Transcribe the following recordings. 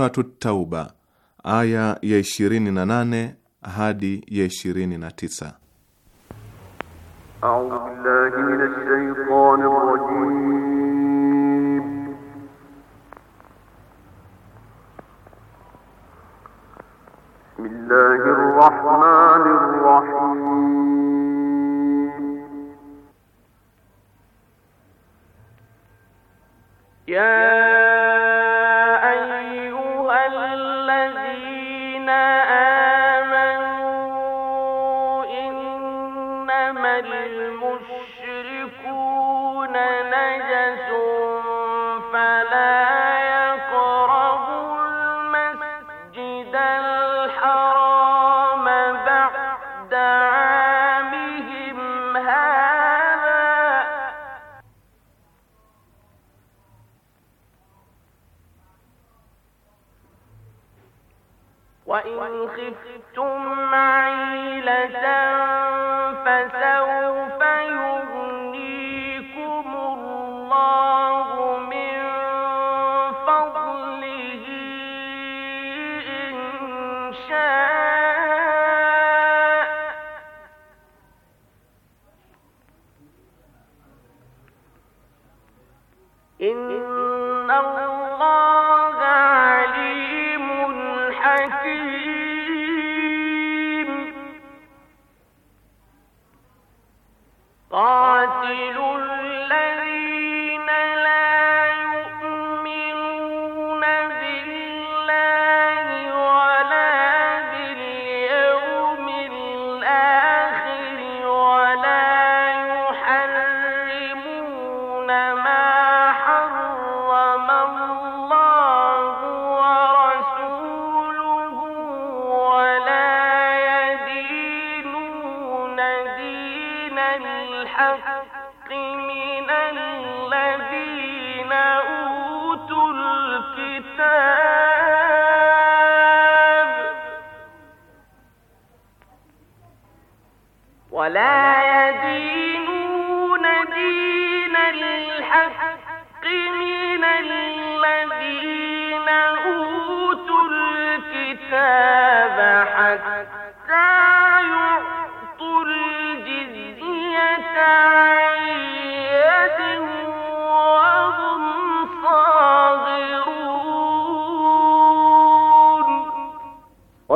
Suratut Tauba aya ya ishirini na nane hadi ya ishirini na tisa خفت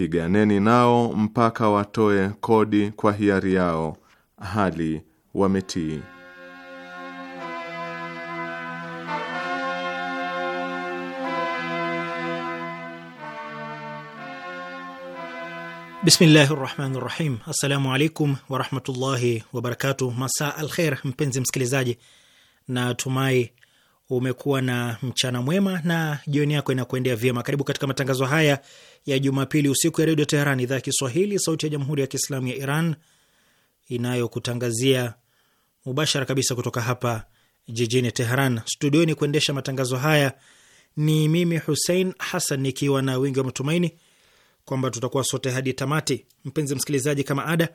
piganeni nao mpaka watoe kodi kwa hiari yao hali wametii. Bismillahi rahmani rahim. Assalamu alaikum warahmatullahi wabarakatuh. Masaa al kher, mpenzi msikilizaji, na tumai umekuwa na mchana mwema na jioni yako inakuendea vyema. Karibu katika matangazo haya ya Jumapili usiku ya Redio Teheran, idhaa ya Kiswahili, sauti ya Jamhuri ya Kiislamu ya Iran inayokutangazia mubashara kabisa kutoka hapa jijini Teheran. Studioni kuendesha matangazo haya ni mimi Husein Hasan, nikiwa na wingi wa matumaini kwamba tutakuwa sote hadi tamati. Mpenzi msikilizaji, kama ada,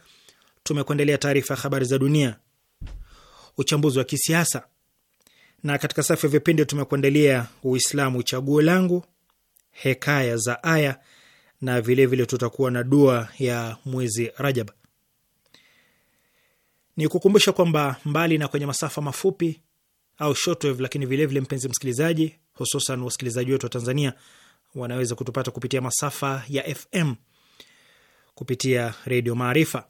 tumekuendelea taarifa ya habari za dunia, uchambuzi wa kisiasa na katika safu ya vipindi tumekuandalia Uislamu Chaguo Langu, Hekaya za Aya na vilevile vile tutakuwa na dua ya mwezi Rajab. Ni kukumbusha kwamba mbali na kwenye masafa mafupi au shortwave, lakini vilevile vile mpenzi msikilizaji, hususan wasikilizaji wetu wa Tanzania wanaweza kutupata kupitia masafa ya FM kupitia Redio Maarifa.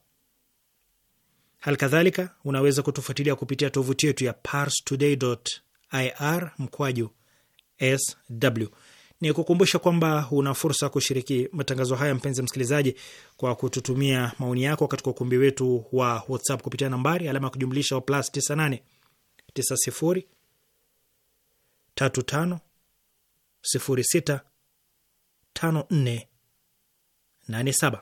Hali kadhalika unaweza kutufuatilia kupitia tovuti yetu ya parstoday ir mkwaju sw. Ni kukumbusha kwamba una fursa kushiriki matangazo haya, mpenzi msikilizaji, kwa kututumia maoni yako katika ukumbi wetu wa WhatsApp kupitia nambari alama ya kujumlisha wa plus 98 90 35 06 54 87.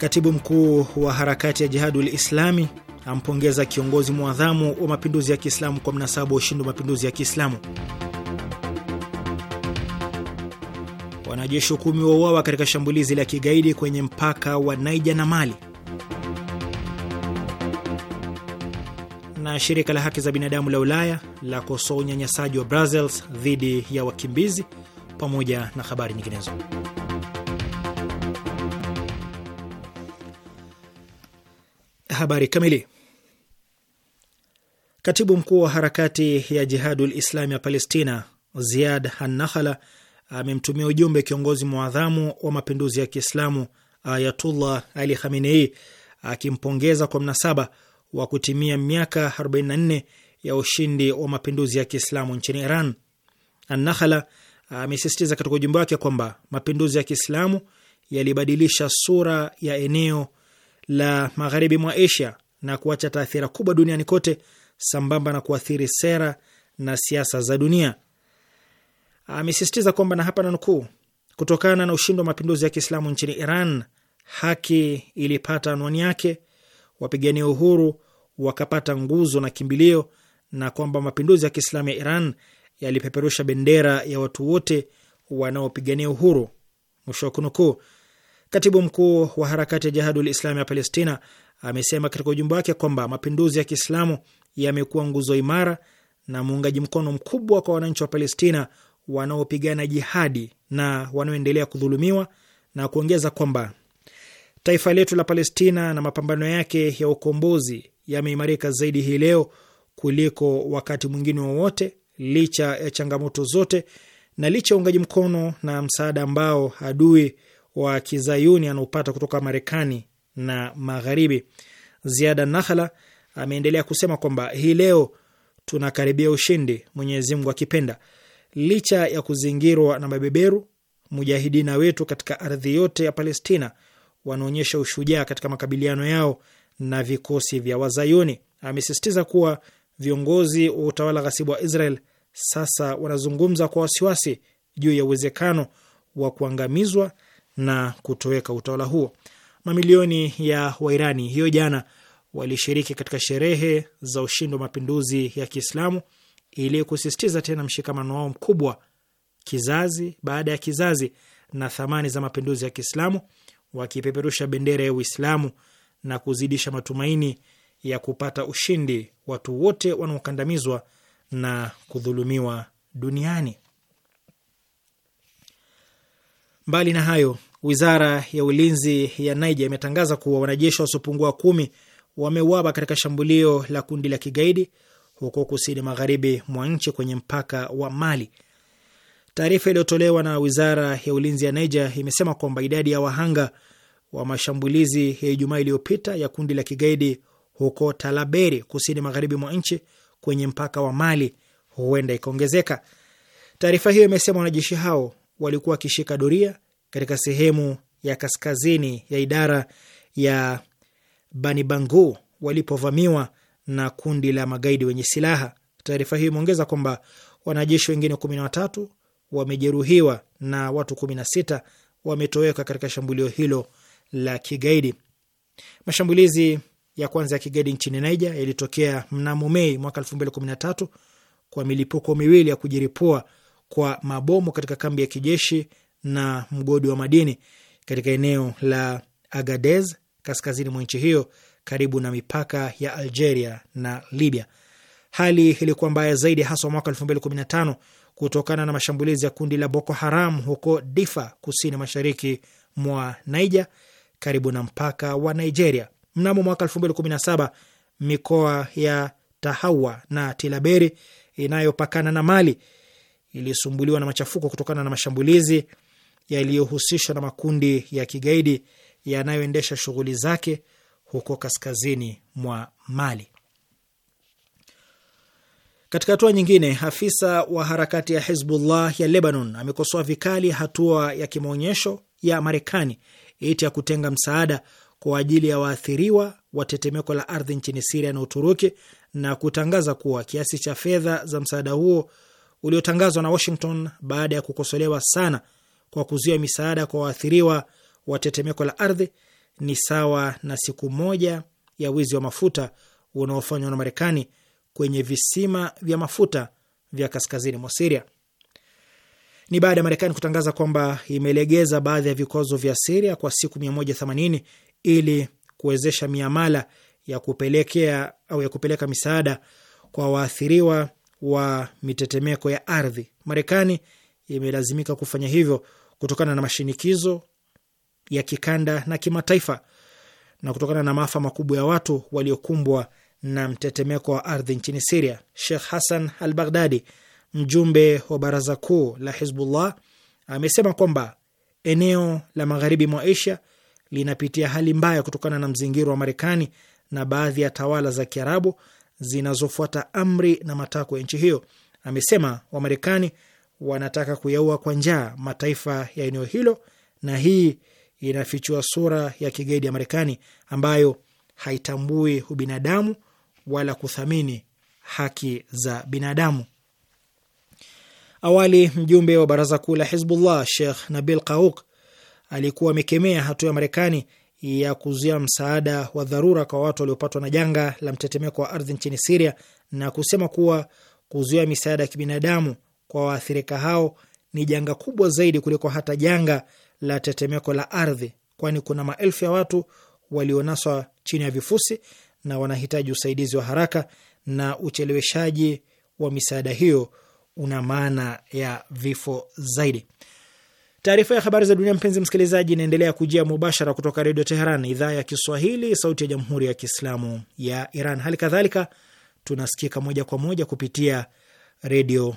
Katibu mkuu wa harakati ya Jihadul Islami ampongeza kiongozi mwadhamu wa mapinduzi ya Kiislamu kwa mnasaba wa ushindi wa mapinduzi ya Kiislamu. Wanajeshi kumi wauawa katika shambulizi la kigaidi kwenye mpaka wa naija na Mali. Na shirika la haki za binadamu la Ulaya la kosoa unyanyasaji wa Brussels dhidi ya wakimbizi, pamoja na habari nyinginezo. Habari kamili. Katibu mkuu wa harakati ya Jihadul Islami ya Palestina Ziad Hannakhala amemtumia ujumbe kiongozi mwadhamu wa mapinduzi ya Kiislamu Ayatullah Ali Khamenei akimpongeza kwa mnasaba wa kutimia miaka 44 ya ushindi wa mapinduzi ya Kiislamu nchini Iran. Annakhala amesisitiza katika ujumbe wake kwamba mapinduzi ya Kiislamu yalibadilisha sura ya eneo la magharibi mwa Asia na kuacha taathira kubwa duniani kote, sambamba na kuathiri sera na siasa za dunia. Amesisitiza kwamba na hapa nanukuu, kutokana na ushindi wa mapinduzi ya Kiislamu nchini Iran, haki ilipata anwani yake, wapigania uhuru wakapata nguzo na kimbilio, na kwamba mapinduzi ya Kiislamu ya Iran yalipeperusha bendera ya watu wote wanaopigania uhuru, mwisho wa kunukuu. Katibu mkuu wa harakati ya Jihadul Islami ya Palestina amesema katika ujumbe wake kwamba mapinduzi ya Kiislamu yamekuwa nguzo imara na muungaji mkono mkubwa kwa wananchi wa Palestina wanaopigana jihadi na wanaoendelea kudhulumiwa na kuongeza kwamba taifa letu la Palestina na mapambano yake ya ukombozi yameimarika zaidi hii leo kuliko wakati mwingine wowote, licha ya changamoto zote na licha ya uungaji mkono na msaada ambao adui wa kizayuni anaopata kutoka Marekani na Magharibi. Ziada Nahala ameendelea kusema kwamba hii leo tunakaribia ushindi, Mwenyezi Mungu akipenda. Licha ya kuzingirwa na mabeberu, mujahidina wetu katika ardhi yote ya Palestina wanaonyesha ushujaa katika makabiliano yao na vikosi vya Wazayuni. Amesisitiza kuwa viongozi wa utawala ghasibu wa Israel sasa wanazungumza kwa wasiwasi juu ya uwezekano wa kuangamizwa na kutoweka utawala huo. Mamilioni ya Wairani hiyo jana walishiriki katika sherehe za ushindi wa mapinduzi ya Kiislamu ili kusisitiza tena mshikamano wao mkubwa kizazi baada ya kizazi na thamani za mapinduzi ya Kiislamu, wakipeperusha bendera ya Uislamu na kuzidisha matumaini ya kupata ushindi watu wote wanaokandamizwa na kudhulumiwa duniani. Mbali na hayo, Wizara ya ulinzi ya Niger imetangaza kuwa wanajeshi wasiopungua kumi wameuawa katika shambulio la kundi la kigaidi huko kusini magharibi mwa nchi kwenye mpaka wa Mali. Taarifa iliyotolewa na wizara ya ulinzi ya Niger imesema kwamba idadi ya wahanga wa mashambulizi ya Ijumaa iliyopita ya kundi la kigaidi huko Talaberi, kusini magharibi mwa nchi kwenye mpaka wa Mali, huenda ikaongezeka. Taarifa hiyo imesema wanajeshi hao walikuwa wakishika doria katika sehemu ya kaskazini ya idara ya Banibangu walipovamiwa na kundi la magaidi wenye silaha. Taarifa hiyo imeongeza kwamba wanajeshi wengine kumi na watatu wamejeruhiwa na watu kumi na sita wametoweka katika shambulio hilo la kigaidi. Mashambulizi ya kwanza ya kigaidi nchini Niger yalitokea mnamo Mei mwaka tatu kwa milipuko miwili ya kujiripua kwa mabomu katika kambi ya kijeshi na mgodi wa madini katika eneo la Agadez kaskazini mwa nchi hiyo karibu na mipaka ya Algeria na Libya. Hali ilikuwa mbaya zaidi haswa mwaka 2015 kutokana na mashambulizi ya kundi la Boko Haram huko Difa, kusini mashariki mwa Niger, karibu na mpaka wa Nigeria. Mnamo mwaka 2017 mikoa ya Tahawa na Tilaberi inayopakana na Mali ilisumbuliwa na machafuko kutokana na mashambulizi yaliyohusishwa na makundi ya kigaidi yanayoendesha shughuli zake huko kaskazini mwa Mali. Katika hatua nyingine, afisa wa harakati ya Hizbullah ya Lebanon amekosoa vikali hatua ya kimaonyesho ya Marekani iti ya kutenga msaada kwa ajili ya waathiriwa wa tetemeko la ardhi nchini Siria na Uturuki na kutangaza kuwa kiasi cha fedha za msaada huo uliotangazwa na Washington baada ya kukosolewa sana kwa kuzuia misaada kwa waathiriwa wa tetemeko la ardhi ni sawa na siku moja ya wizi wa mafuta unaofanywa na Marekani kwenye visima vya mafuta vya kaskazini mwa Siria. Ni baada ya Marekani kutangaza kwamba imelegeza baadhi ya vikwazo vya Siria kwa siku 180 ili kuwezesha miamala ya kupelekea au ya kupeleka misaada kwa waathiriwa wa mitetemeko ya ardhi. Marekani imelazimika kufanya hivyo kutokana na mashinikizo ya kikanda na kimataifa na kutokana na maafa makubwa ya watu waliokumbwa na mtetemeko wa ardhi nchini Siria, Sheikh Hassan al Baghdadi, mjumbe wa baraza kuu la Hizbullah, amesema kwamba eneo la magharibi mwa Asia linapitia hali mbaya kutokana na mzingiro wa Marekani na baadhi ya tawala za Kiarabu zinazofuata amri na matakwa ya nchi hiyo. Amesema Wamarekani wanataka kuyaua kwa njaa mataifa ya eneo hilo, na hii inafichua sura ya kigaidi ya Marekani ambayo haitambui ubinadamu wala kuthamini haki za binadamu. Awali mjumbe wa baraza kuu la Hizbullah Sheikh Nabil kauk alikuwa amekemea hatua ya Marekani ya kuzuia msaada wa dharura kwa watu waliopatwa na janga la mtetemeko wa ardhi nchini Siria na kusema kuwa kuzuia misaada ya kibinadamu kwa waathirika hao ni janga kubwa zaidi kuliko hata janga la tetemeko la ardhi, kwani kuna maelfu ya watu walionaswa chini ya vifusi na wanahitaji usaidizi wa haraka, na ucheleweshaji wa misaada hiyo una maana ya vifo zaidi. Taarifa ya habari za dunia, mpenzi msikilizaji, inaendelea kujia mubashara kutoka Redio Teheran, idhaa ya Kiswahili, sauti ya jamhuri ya kiislamu ya Iran. Hali kadhalika tunasikika moja kwa moja kupitia redio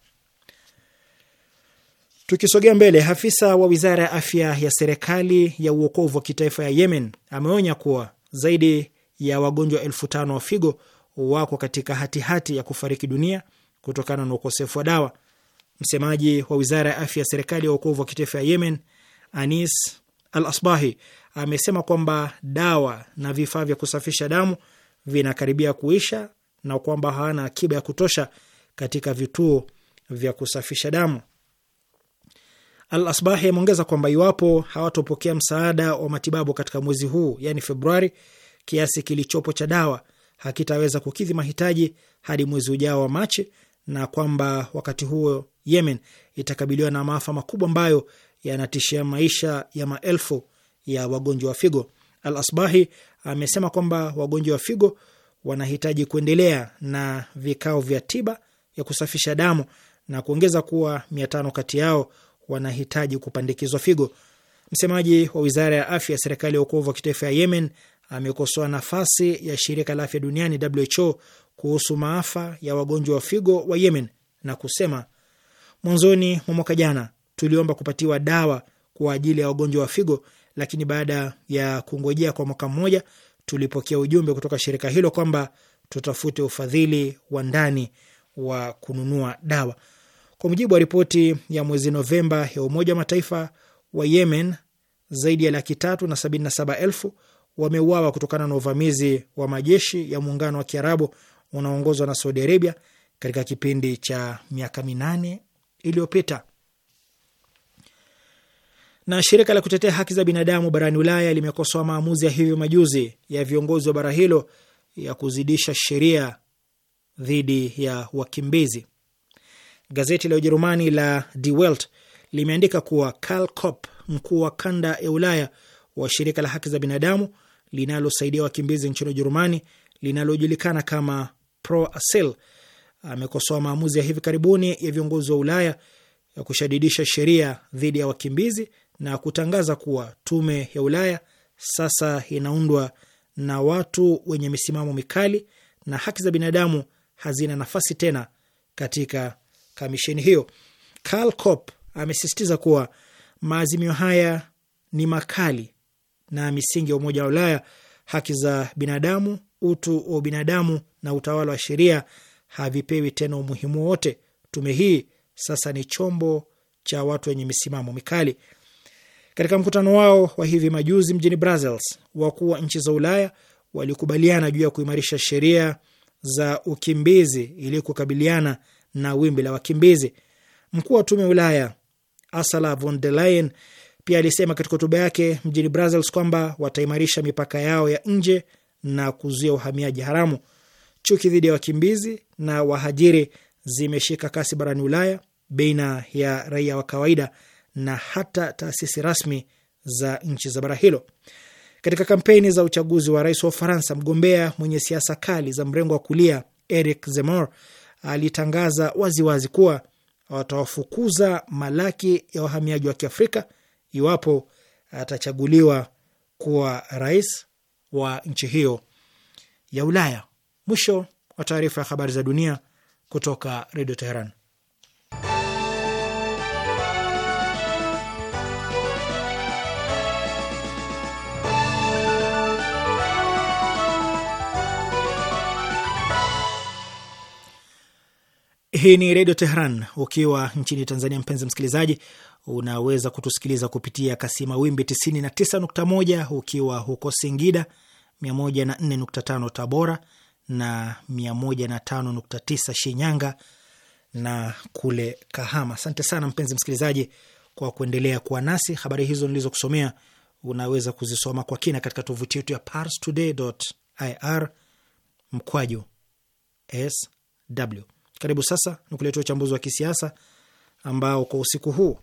Tukisogea mbele, afisa wa wizara ya afya ya serikali ya uokovu wa kitaifa ya Yemen ameonya kuwa zaidi ya wagonjwa elfu tano wa figo wako katika hatihati hati ya kufariki dunia kutokana na ukosefu wa dawa. Msemaji wa wizara ya afya ya serikali ya uokovu wa kitaifa ya Yemen, Anis Al Asbahi, amesema kwamba dawa na vifaa vya kusafisha damu vinakaribia kuisha na kwamba hawana akiba ya kutosha katika vituo vya kusafisha damu. Al Asbahi ameongeza kwamba iwapo hawatopokea msaada wa matibabu katika mwezi huu, yani Februari, kiasi kilichopo cha dawa hakitaweza kukidhi mahitaji hadi mwezi ujao wa Machi, na kwamba wakati huo Yemen itakabiliwa na maafa makubwa ambayo yanatishia maisha ya maelfu ya wagonjwa wa figo. Al Asbahi amesema kwamba wagonjwa wa figo wanahitaji kuendelea na vikao vya tiba ya kusafisha damu na kuongeza kuwa mia tano kati yao wanahitaji kupandikizwa figo. Msemaji wa wizara ya afya ya serikali ya ukovu wa kitaifa ya Yemen amekosoa nafasi ya shirika la afya duniani WHO kuhusu maafa ya wagonjwa wa figo wa Yemen na kusema, mwanzoni mwa mwaka jana tuliomba kupatiwa dawa kwa ajili ya wagonjwa wa figo, lakini baada ya kungojea kwa mwaka mmoja tulipokea ujumbe kutoka shirika hilo kwamba tutafute ufadhili wa ndani wa kununua dawa. Kwa mujibu wa ripoti ya mwezi Novemba ya Umoja wa Mataifa, wa Yemen zaidi ya laki tatu na sabini na saba elfu wameuawa kutokana na uvamizi wa majeshi ya muungano wa Kiarabu unaoongozwa na Saudi Arabia katika kipindi cha miaka minane iliyopita. Na shirika la kutetea haki za binadamu barani Ulaya limekosoa maamuzi ya hivi majuzi ya viongozi wa bara hilo ya kuzidisha sheria dhidi ya wakimbizi. Gazeti la Ujerumani la Die Welt limeandika kuwa Karl Kopp, mkuu wa kanda ya Ulaya wa shirika la haki za binadamu linalosaidia wakimbizi nchini Ujerumani linalojulikana kama Pro Asyl, amekosoa maamuzi ya hivi karibuni ya viongozi wa Ulaya ya kushadidisha sheria dhidi ya wakimbizi na kutangaza kuwa tume ya Ulaya sasa inaundwa na watu wenye misimamo mikali na haki za binadamu hazina nafasi tena katika kamisheni hiyo. Karl Kopp amesisitiza kuwa maazimio haya ni makali na misingi ya Umoja wa Ulaya, haki za binadamu, utu wa binadamu na utawala wa sheria havipewi tena umuhimu wote. Tume hii sasa ni chombo cha watu wenye misimamo mikali. Katika mkutano wao wa hivi majuzi mjini Brussels, wakuu wa nchi za Ulaya walikubaliana juu ya kuimarisha sheria za ukimbizi ili kukabiliana na wimbi la wakimbizi. Mkuu wa tume ya Ulaya Ursula von der Leyen pia alisema katika hotuba yake mjini Brussels kwamba wataimarisha mipaka yao ya nje na kuzuia uhamiaji haramu. Chuki dhidi ya wakimbizi na wahajiri zimeshika kasi barani Ulaya baina ya raia wa kawaida na hata taasisi rasmi za nchi za bara hilo. Katika kampeni za uchaguzi wa rais wa Ufaransa, mgombea mwenye siasa kali za mrengo wa kulia Eric Zemmour alitangaza waziwazi wazi kuwa watawafukuza malaki ya wahamiaji wa Kiafrika iwapo atachaguliwa kuwa rais wa nchi hiyo ya Ulaya. Mwisho wa taarifa ya habari za dunia kutoka Redio Teheran. Hii ni Redio Tehran. Ukiwa nchini Tanzania, mpenzi msikilizaji, unaweza kutusikiliza kupitia kasima wimbi 99.1, ukiwa huko Singida, 104.5 Tabora na 105.9 Shinyanga na kule Kahama. Asante sana mpenzi msikilizaji kwa kuendelea kuwa nasi. Habari hizo nilizokusomea unaweza kuzisoma kwa kina katika tovuti yetu ya parstoday.ir mkwaju sw karibu sasa ni kuletea uchambuzi wa kisiasa ambao kwa usiku huu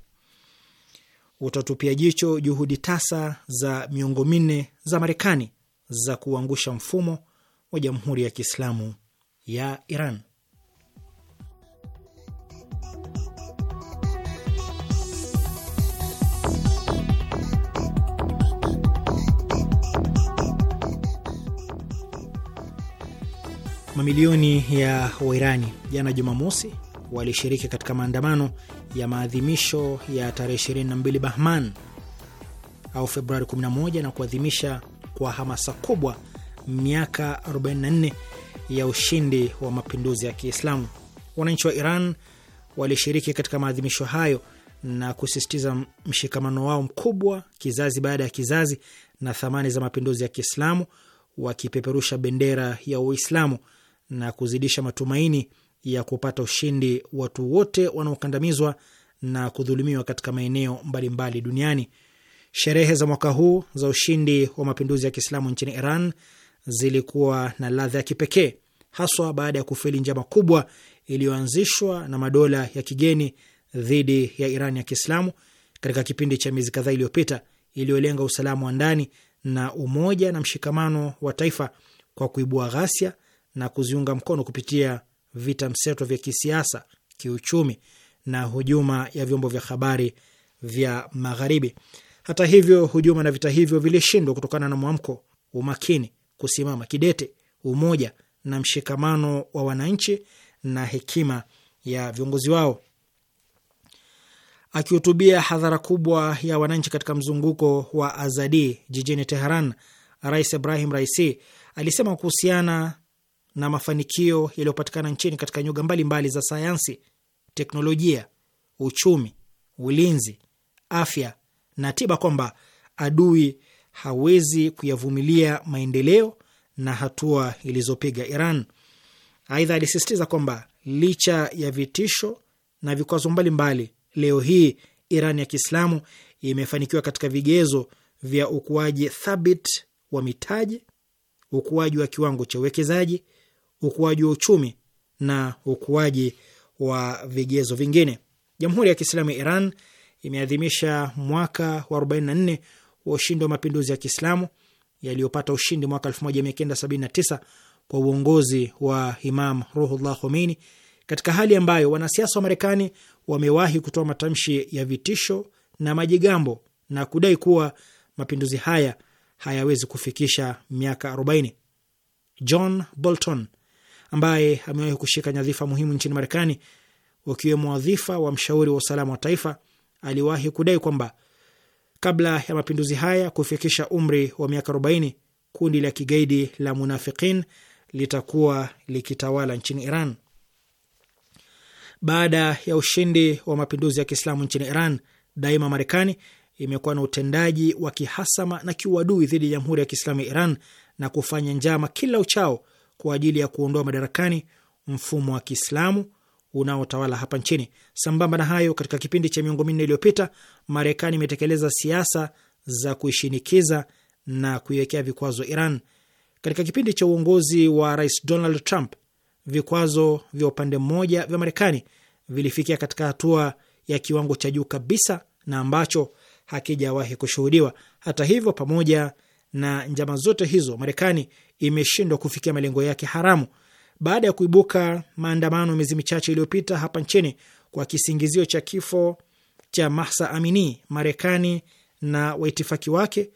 utatupia jicho juhudi tasa za miongo minne za Marekani za kuangusha mfumo wa Jamhuri ya Kiislamu ya Iran. Mamilioni ya Wairani jana Jumamosi walishiriki katika maandamano ya maadhimisho ya tarehe 22 Bahman au Februari 11 na kuadhimisha kwa hamasa kubwa miaka 44 ya ushindi wa mapinduzi ya Kiislamu. Wananchi wa Iran walishiriki katika maadhimisho hayo na kusisitiza mshikamano wao mkubwa kizazi baada ya kizazi na thamani za mapinduzi ya Kiislamu, wakipeperusha bendera ya Uislamu na kuzidisha matumaini ya kupata ushindi watu wote wanaokandamizwa na kudhulumiwa katika maeneo mbalimbali duniani. Sherehe za mwaka huu za ushindi wa mapinduzi ya Kiislamu nchini Iran zilikuwa na ladha ya kipekee, haswa baada ya kufeli njama kubwa iliyoanzishwa na madola ya kigeni dhidi ya Iran ya Kiislamu katika kipindi cha miezi kadhaa iliyopita, iliyolenga usalama wa ndani na umoja na mshikamano wa taifa kwa kuibua ghasia na kuziunga mkono kupitia vita mseto vya kisiasa, kiuchumi na hujuma ya vyombo vya habari vya Magharibi. Hata hivyo, hujuma na vita hivyo vilishindwa kutokana na mwamko, umakini, kusimama kidete, umoja na mshikamano wa wananchi na hekima ya viongozi wao. Akihutubia hadhara kubwa ya wananchi katika mzunguko wa Azadi jijini Teheran, Rais Ibrahim Raisi alisema kuhusiana na mafanikio yaliyopatikana nchini katika nyuga mbalimbali za sayansi, teknolojia, uchumi, ulinzi, afya na tiba, kwamba adui hawezi kuyavumilia maendeleo na hatua ilizopiga Iran. Aidha, alisisitiza kwamba licha ya vitisho na vikwazo mbalimbali, leo hii Iran ya Kiislamu imefanikiwa katika vigezo vya ukuaji thabit wa mitaji, ukuaji wa kiwango cha uwekezaji ukuaji wa uchumi na ukuaji wa vigezo vingine. Jamhuri ya Kiislamu ya Iran imeadhimisha mwaka wa 44 wa ushindi wa mapinduzi ya Kiislamu yaliyopata ushindi mwaka 1979 kwa uongozi wa Imam Ruhullah Khomeini, katika hali ambayo wanasiasa wa Marekani wamewahi kutoa matamshi ya vitisho na majigambo na kudai kuwa mapinduzi haya hayawezi kufikisha miaka 40. John Bolton ambaye amewahi kushika nyadhifa muhimu nchini Marekani, wakiwemo wadhifa wa mshauri wa usalama wa taifa, aliwahi kudai kwamba kabla ya mapinduzi haya kufikisha umri wa miaka 40 kundi la kigaidi la Munafikin litakuwa likitawala nchini Iran. Baada ya ushindi wa mapinduzi ya Kiislamu nchini Iran, daima Marekani imekuwa na utendaji wa kihasama na kiuadui dhidi ya Jamhuri ya Kiislamu ya Iran na kufanya njama kila uchao kwa ajili ya kuondoa madarakani mfumo wa Kiislamu unaotawala hapa nchini. Sambamba na hayo, katika kipindi cha miongo minne iliyopita, Marekani imetekeleza siasa za kuishinikiza na kuiwekea vikwazo Iran. Katika kipindi cha uongozi wa Rais Donald Trump, vikwazo vya upande mmoja vya Marekani vilifikia katika hatua ya kiwango cha juu kabisa na ambacho hakijawahi kushuhudiwa. Hata hivyo, pamoja na njama zote hizo, Marekani imeshindwa kufikia malengo yake haramu. Baada ya kuibuka maandamano miezi michache iliyopita hapa nchini kwa kisingizio cha kifo cha Mahsa Amini, Marekani na waitifaki wake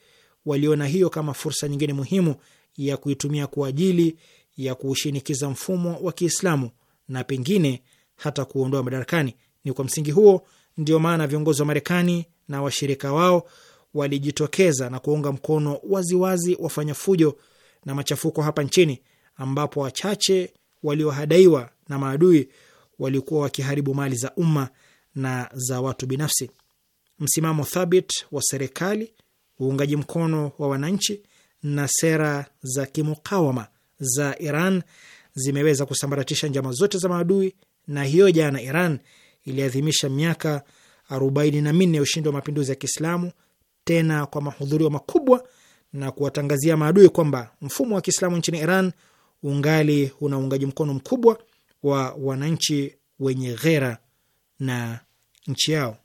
waliona hiyo kama fursa nyingine muhimu ya kuitumia kwa ajili ya kuushinikiza mfumo wa Kiislamu na pengine hata kuondoa madarakani. Ni kwa msingi huo ndio maana viongozi wa Marekani na washirika wao walijitokeza na kuunga mkono waziwazi wafanya fujo na machafuko hapa nchini, ambapo wachache waliohadaiwa na maadui walikuwa wakiharibu mali za umma na za watu binafsi. Msimamo thabit wa serikali, uungaji mkono wa wananchi na sera za kimukawama za Iran zimeweza kusambaratisha njama zote za maadui, na hiyo jana Iran iliadhimisha miaka arobaini na minne ya ushindi wa mapinduzi ya Kiislamu tena kwa mahudhurio makubwa na kuwatangazia maadui kwamba mfumo wa Kiislamu nchini Iran ungali una uungaji mkono mkubwa wa wananchi wenye ghera na nchi yao.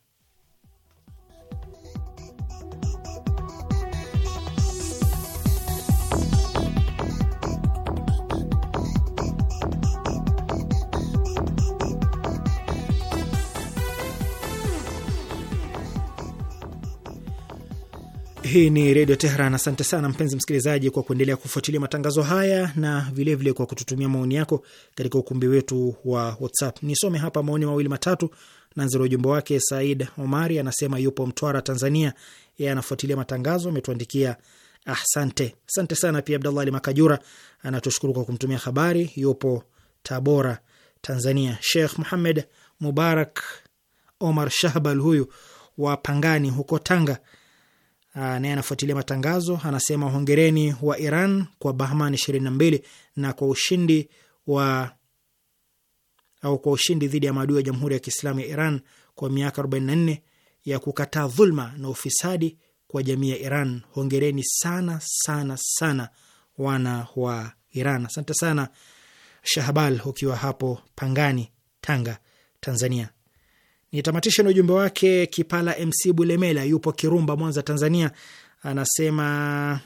Hii ni Redio Teheran. Asante sana mpenzi msikilizaji kwa kuendelea kufuatilia matangazo haya na vilevile vile kwa kututumia maoni yako katika ukumbi wetu wa WhatsApp. Nisome hapa maoni mawili matatu. Nanzira ujumbe wake Said Omari anasema yupo Mtwara, Tanzania, yeye anafuatilia matangazo, ametuandikia asante. Asante sana pia. Abdallah Ali Makajura anatushukuru kwa kumtumia habari, yupo Tabora, Tanzania. Sheikh Muhamed Mubarak Omar Shahbal huyu wa Pangani huko Tanga naye anafuatilia matangazo, anasema hongereni wa Iran kwa Bahman 22 na kwa ushindi wa au kwa ushindi dhidi ya maadui ya Jamhuri ya Kiislamu ya Iran kwa miaka 44 ya kukataa dhulma na ufisadi kwa jamii ya Iran. Hongereni sana sana sana wana wa Iran. Asante sana Shahbal, ukiwa hapo Pangani, Tanga, Tanzania. Nitamatisha na ujumbe wake Kipala MC Bulemela, yupo Kirumba, Mwanza, Tanzania. Anasema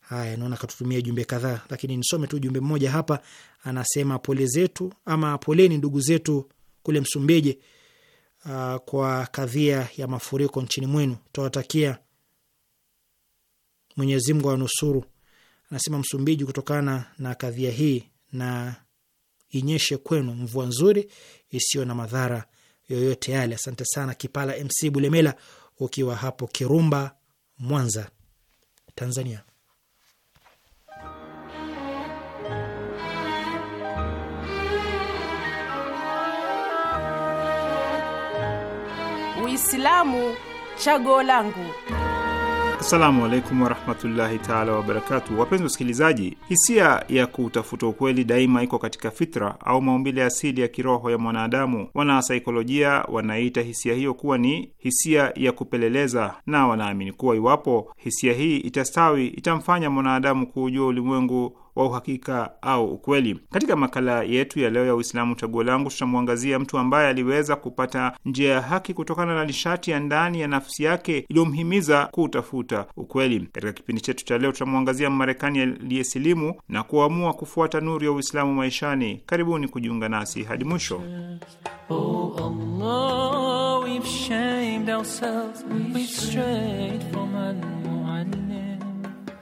haya, naona katutumia jumbe kadhaa, lakini nisome tu jumbe mmoja hapa. Anasema pole zetu ama poleni ndugu zetu kule Msumbiji uh, kwa kadhia ya mafuriko nchini mwenu, tunawatakia Mwenyezi Mungu awanusuru. Anasema Msumbiji, kutokana na kadhia hii na inyeshe kwenu mvua nzuri isiyo na madhara yoyote yale. Asante sana Kipala MC Bulemela, ukiwa hapo Kirumba, Mwanza, Tanzania. Uislamu chaguo langu. Assalamu alaikum warahmatullahi taala wabarakatu. Wapenzi wasikilizaji, hisia ya kutafuta ukweli daima iko katika fitra au maumbile asili ya kiroho ya mwanadamu. Wanasaikolojia wanaita hisia hiyo kuwa ni hisia ya kupeleleza, na wanaamini kuwa iwapo hisia hii itastawi, itamfanya mwanadamu kuujua ulimwengu wa uhakika au ukweli. Katika makala yetu ya leo ya Uislamu Chaguo Langu, tutamwangazia mtu ambaye aliweza kupata njia ya haki kutokana na nishati ya ndani ya nafsi yake iliyomhimiza kutafuta ukweli. Katika kipindi chetu cha leo, tutamwangazia Mmarekani aliyesilimu na kuamua kufuata nuru ya Uislamu maishani. Karibuni kujiunga nasi hadi mwisho. Oh Allah, we've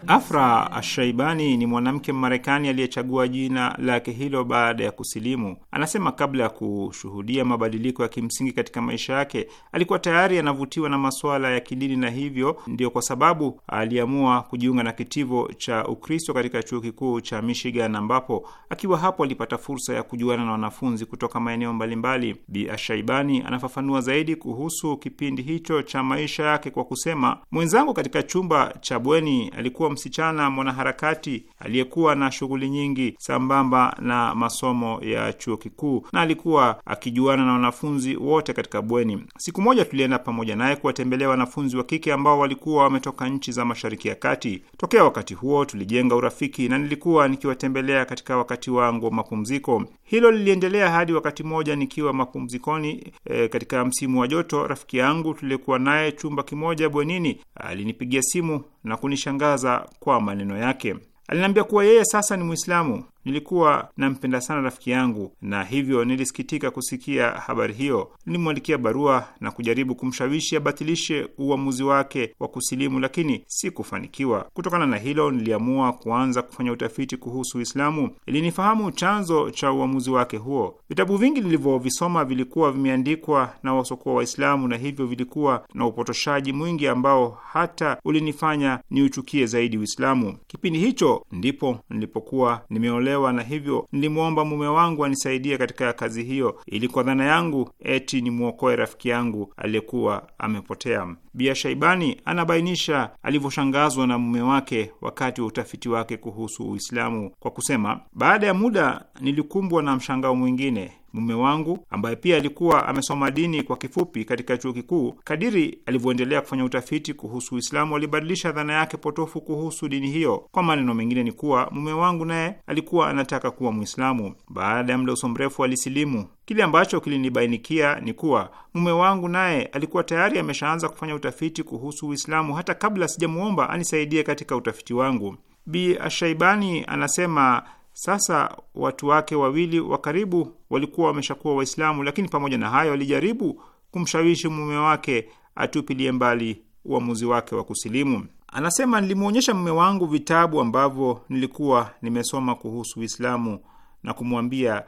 Afra Ashaibani ni mwanamke Mmarekani aliyechagua jina lake hilo baada ya kusilimu. Anasema kabla ya kushuhudia mabadiliko ya kimsingi katika maisha yake, alikuwa tayari anavutiwa na masuala ya kidini, na hivyo ndio kwa sababu aliamua kujiunga na kitivo cha Ukristo katika chuo kikuu cha Michigan, ambapo akiwa hapo alipata fursa ya kujuana na wanafunzi kutoka maeneo mbalimbali. Bi Ashaibani anafafanua zaidi kuhusu kipindi hicho cha maisha yake kwa kusema, mwenzangu katika chumba cha bweni alikuwa msichana mwanaharakati aliyekuwa na shughuli nyingi sambamba na masomo ya chuo kikuu na alikuwa akijuana na wanafunzi wote katika bweni. Siku moja tulienda pamoja naye kuwatembelea wanafunzi wa kike ambao walikuwa wametoka nchi za Mashariki ya Kati. Tokea wakati huo tulijenga urafiki na nilikuwa nikiwatembelea katika wakati wangu wa mapumziko. Hilo liliendelea hadi wakati mmoja nikiwa mapumzikoni, e, katika msimu wa joto, rafiki yangu tuliyekuwa naye chumba kimoja bwenini alinipigia simu na kunishangaza kwa maneno yake. Aliniambia kuwa yeye sasa ni Mwislamu. Nilikuwa nampenda sana rafiki yangu, na hivyo nilisikitika kusikia habari hiyo. Nilimwandikia barua na kujaribu kumshawishi abatilishe uamuzi wake wa kusilimu, lakini sikufanikiwa. Kutokana na hilo, niliamua kuanza kufanya utafiti kuhusu Uislamu ili nifahamu chanzo cha uamuzi wake huo. Vitabu vingi nilivyovisoma vilikuwa vimeandikwa na wasokoa Waislamu, na hivyo vilikuwa na upotoshaji mwingi ambao hata ulinifanya niuchukie zaidi Uislamu. Kipindi hicho ndipo nilipokuwa nimeolewa kuolewa, na hivyo nilimwomba mume wangu anisaidie katika kazi hiyo, ili kwa dhana yangu eti nimwokoe rafiki yangu aliyekuwa amepotea. Bia Shaibani anabainisha alivyoshangazwa na mume wake wakati wa utafiti wake kuhusu Uislamu kwa kusema, baada ya muda nilikumbwa na mshangao mwingine mume wangu ambaye pia alikuwa amesoma dini kwa kifupi katika chuo kikuu. Kadiri alivyoendelea kufanya utafiti kuhusu Uislamu, alibadilisha dhana yake potofu kuhusu dini hiyo. Kwa maneno mengine, ni kuwa mume wangu naye alikuwa anataka kuwa Mwislamu. Baada ya muda uso mrefu, alisilimu. Kile ambacho kilinibainikia ni kuwa mume wangu naye alikuwa tayari ameshaanza kufanya utafiti kuhusu Uislamu hata kabla sijamuomba anisaidie katika utafiti wangu. Bi Ashaibani anasema sasa watu wake wawili wa karibu walikuwa wameshakuwa Waislamu, lakini pamoja na hayo alijaribu kumshawishi mume wake atupilie mbali uamuzi wake wa kusilimu. Anasema, nilimwonyesha mume wangu vitabu ambavyo nilikuwa nimesoma kuhusu Uislamu na kumwambia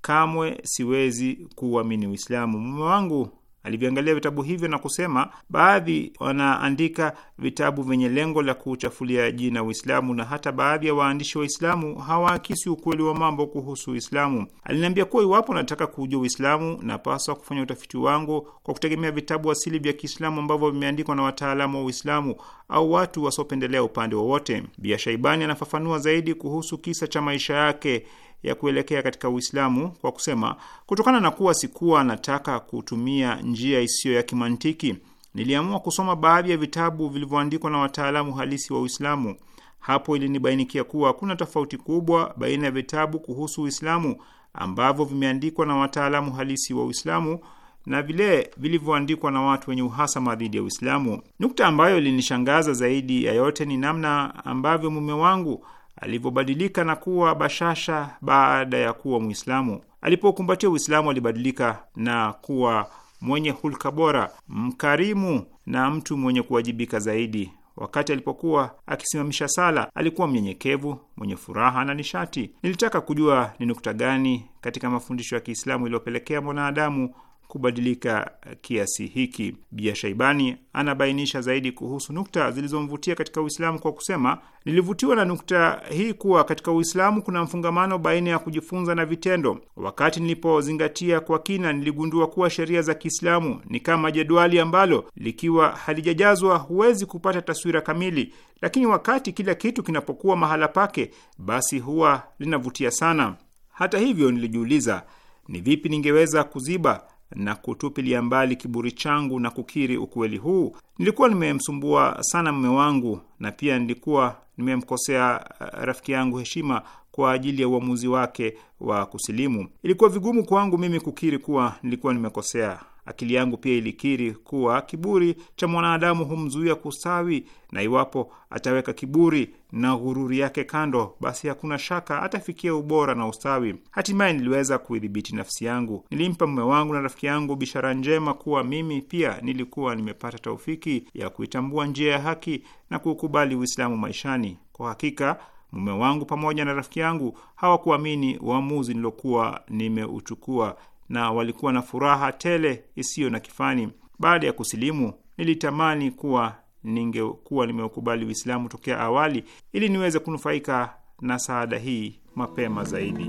kamwe siwezi kuuamini Uislamu. Mume wangu Alivyoangalia vitabu hivyo na kusema baadhi wanaandika vitabu vyenye lengo la kuchafulia jina Uislamu na hata baadhi ya waandishi Waislamu hawaakisi ukweli wa mambo kuhusu Uislamu. Aliniambia kuwa iwapo nataka kuujua Uislamu napaswa kufanya utafiti wangu kwa kutegemea vitabu asili vya Kiislamu ambavyo vimeandikwa na wataalamu wa Uislamu au watu wasiopendelea upande wowote. Bia Shaibani anafafanua zaidi kuhusu kisa cha maisha yake ya kuelekea katika Uislamu kwa kusema, kutokana na kuwa sikuwa nataka kutumia njia isiyo ya kimantiki, niliamua kusoma baadhi ya vitabu vilivyoandikwa na wataalamu halisi wa Uislamu. Hapo ilinibainikia kuwa kuna tofauti kubwa baina ya vitabu kuhusu Uislamu ambavyo vimeandikwa na wataalamu halisi wa Uislamu na vile vilivyoandikwa na watu wenye uhasama dhidi ya Uislamu. Nukta ambayo ilinishangaza zaidi ya yote ni namna ambavyo mume wangu alivyobadilika na kuwa bashasha baada ya kuwa Mwislamu. Alipokumbatia Uislamu alibadilika na kuwa mwenye hulka bora, mkarimu na mtu mwenye kuwajibika zaidi. Wakati alipokuwa akisimamisha sala, alikuwa mnyenyekevu, mwenye furaha na nishati. Nilitaka kujua ni nukta gani katika mafundisho ya Kiislamu iliyopelekea mwanadamu kubadilika kiasi hiki. Bia Shaibani anabainisha zaidi kuhusu nukta zilizomvutia katika Uislamu kwa kusema, nilivutiwa na nukta hii kuwa katika Uislamu kuna mfungamano baina ya kujifunza na vitendo. Wakati nilipozingatia kwa kina, niligundua kuwa sheria za Kiislamu ni kama jedwali ambalo likiwa halijajazwa huwezi kupata taswira kamili, lakini wakati kila kitu kinapokuwa mahala pake, basi huwa linavutia sana. Hata hivyo, nilijiuliza ni vipi ningeweza kuziba na kutupilia mbali kiburi changu na kukiri ukweli huu. Nilikuwa nimemsumbua sana mume wangu na pia nilikuwa nimemkosea eh, rafiki yangu heshima kwa ajili ya uamuzi wake wa kusilimu. Ilikuwa vigumu kwangu mimi kukiri kuwa nilikuwa nimekosea. Akili yangu pia ilikiri kuwa kiburi cha mwanadamu humzuia kustawi, na iwapo ataweka kiburi na ghururi yake kando, basi hakuna shaka atafikia ubora na ustawi. Hatimaye niliweza kuidhibiti nafsi yangu. Nilimpa mume wangu na rafiki yangu bishara njema kuwa mimi pia nilikuwa nimepata taufiki ya kuitambua njia ya haki na kuukubali Uislamu maishani. Kwa hakika Mume wangu pamoja na rafiki yangu hawakuamini uamuzi nilokuwa nimeuchukua na walikuwa na furaha tele isiyo na kifani. Baada ya kusilimu, nilitamani kuwa ningekuwa nimeukubali Uislamu tokea awali ili niweze kunufaika na saada hii mapema zaidi.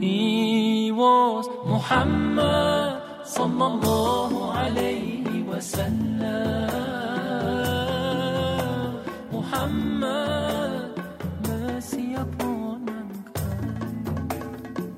He was Muhammad, Muhammad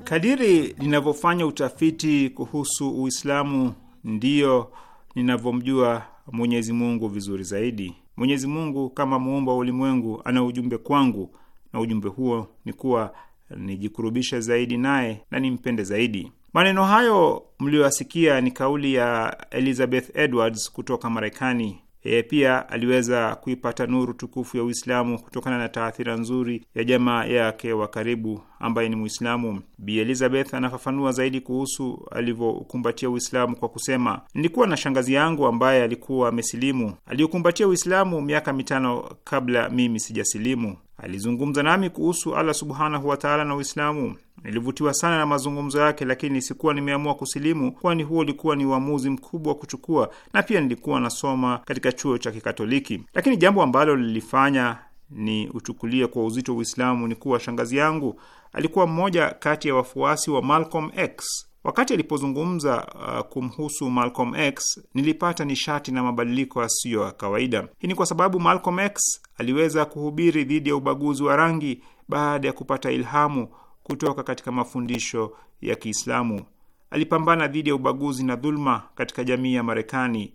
Kadiri ninavyofanya utafiti kuhusu Uislamu ndiyo ninavyomjua Mwenyezi Mungu vizuri zaidi. Mwenyezi Mungu kama muumba wa ulimwengu ana ujumbe kwangu, na ujumbe huo ni kuwa nijikurubishe zaidi naye na nimpende zaidi. Maneno hayo mliyoyasikia ni kauli ya Elizabeth Edwards kutoka Marekani yeye pia aliweza kuipata nuru tukufu ya Uislamu kutokana na taathira nzuri ya jamaa yake wa karibu ambaye ni Mwislamu. Bi Elizabeth anafafanua zaidi kuhusu alivyokumbatia Uislamu kwa kusema, nilikuwa na shangazi yangu ambaye alikuwa amesilimu, aliyokumbatia Uislamu miaka mitano kabla mimi sijasilimu. Alizungumza nami kuhusu Allah subhanahu wataala na Uislamu Nilivutiwa sana na mazungumzo yake, lakini sikuwa nimeamua kusilimu, kwani huo ulikuwa ni uamuzi mkubwa wa kuchukua, na pia nilikuwa nasoma katika chuo cha Kikatoliki. Lakini jambo ambalo lilifanya ni uchukulia kwa uzito Uislamu ni kuwa shangazi yangu alikuwa mmoja kati ya wafuasi wa Malcolm X. Wakati alipozungumza uh, kumhusu Malcolm X nilipata nishati na mabadiliko yasiyo ya kawaida. Hii ni kwa sababu Malcolm X aliweza kuhubiri dhidi ya ubaguzi wa rangi baada ya kupata ilhamu kutoka katika mafundisho ya Kiislamu. Alipambana dhidi ya ubaguzi na dhuluma katika jamii ya Marekani.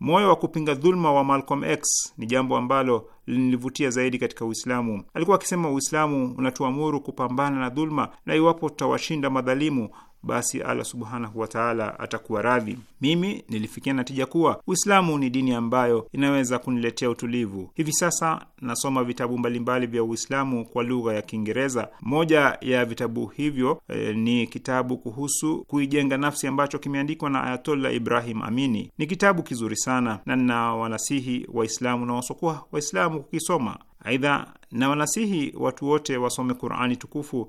Moyo wa kupinga dhuluma wa Malcolm X ni jambo ambalo linilivutia zaidi katika Uislamu. Alikuwa akisema, Uislamu unatuamuru kupambana na dhuluma, na iwapo tutawashinda madhalimu, basi Allah subhanahu wataala atakuwa radhi. Mimi nilifikia natija kuwa Uislamu ni dini ambayo inaweza kuniletea utulivu. Hivi sasa nasoma vitabu mbalimbali vya Uislamu kwa lugha ya Kiingereza. Moja ya vitabu hivyo e, ni kitabu kuhusu kuijenga nafsi ambacho kimeandikwa na Ayatollah Ibrahim Amini. Ni kitabu kizuri sana na nina wanasihi Waislamu na wasokoa Waislamu kukisoma. Aidha na wanasihi watu wote wasome Qurani tukufu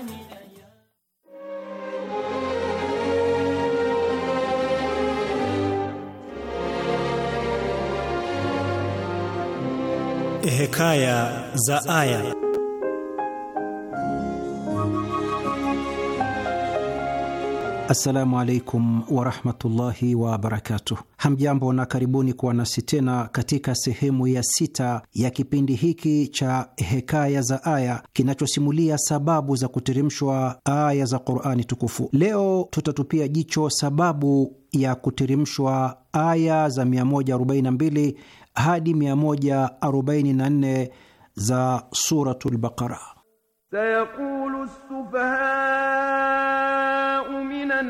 Hekaya za Aya. Assalamu alaikum warahmatullahi wabarakatuh. Hamjambo na karibuni kuwa nasi tena katika sehemu ya sita ya kipindi hiki cha Hekaya za Aya kinachosimulia sababu za kuteremshwa aya za Qurani Tukufu. Leo tutatupia jicho sababu ya kuteremshwa aya za 142 hadi 144 za Suratul Baqara. sayaqulu sufahau minan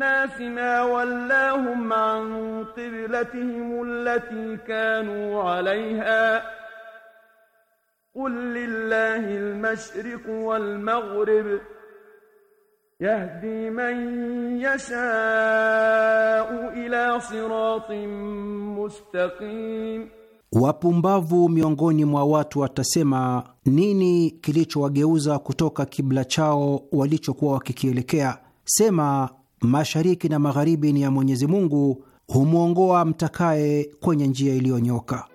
nas ma wallahum an qiblatihim allati kanu alayha qul lillahi almashriqu walmaghrib يهدي من يشاء ila صراط مستقيم wapumbavu miongoni mwa watu watasema, nini kilichowageuza kutoka kibla chao walichokuwa wakikielekea? Sema, mashariki na magharibi ni ya Mwenyezi Mungu, humwongoa mtakaye kwenye njia iliyonyoka.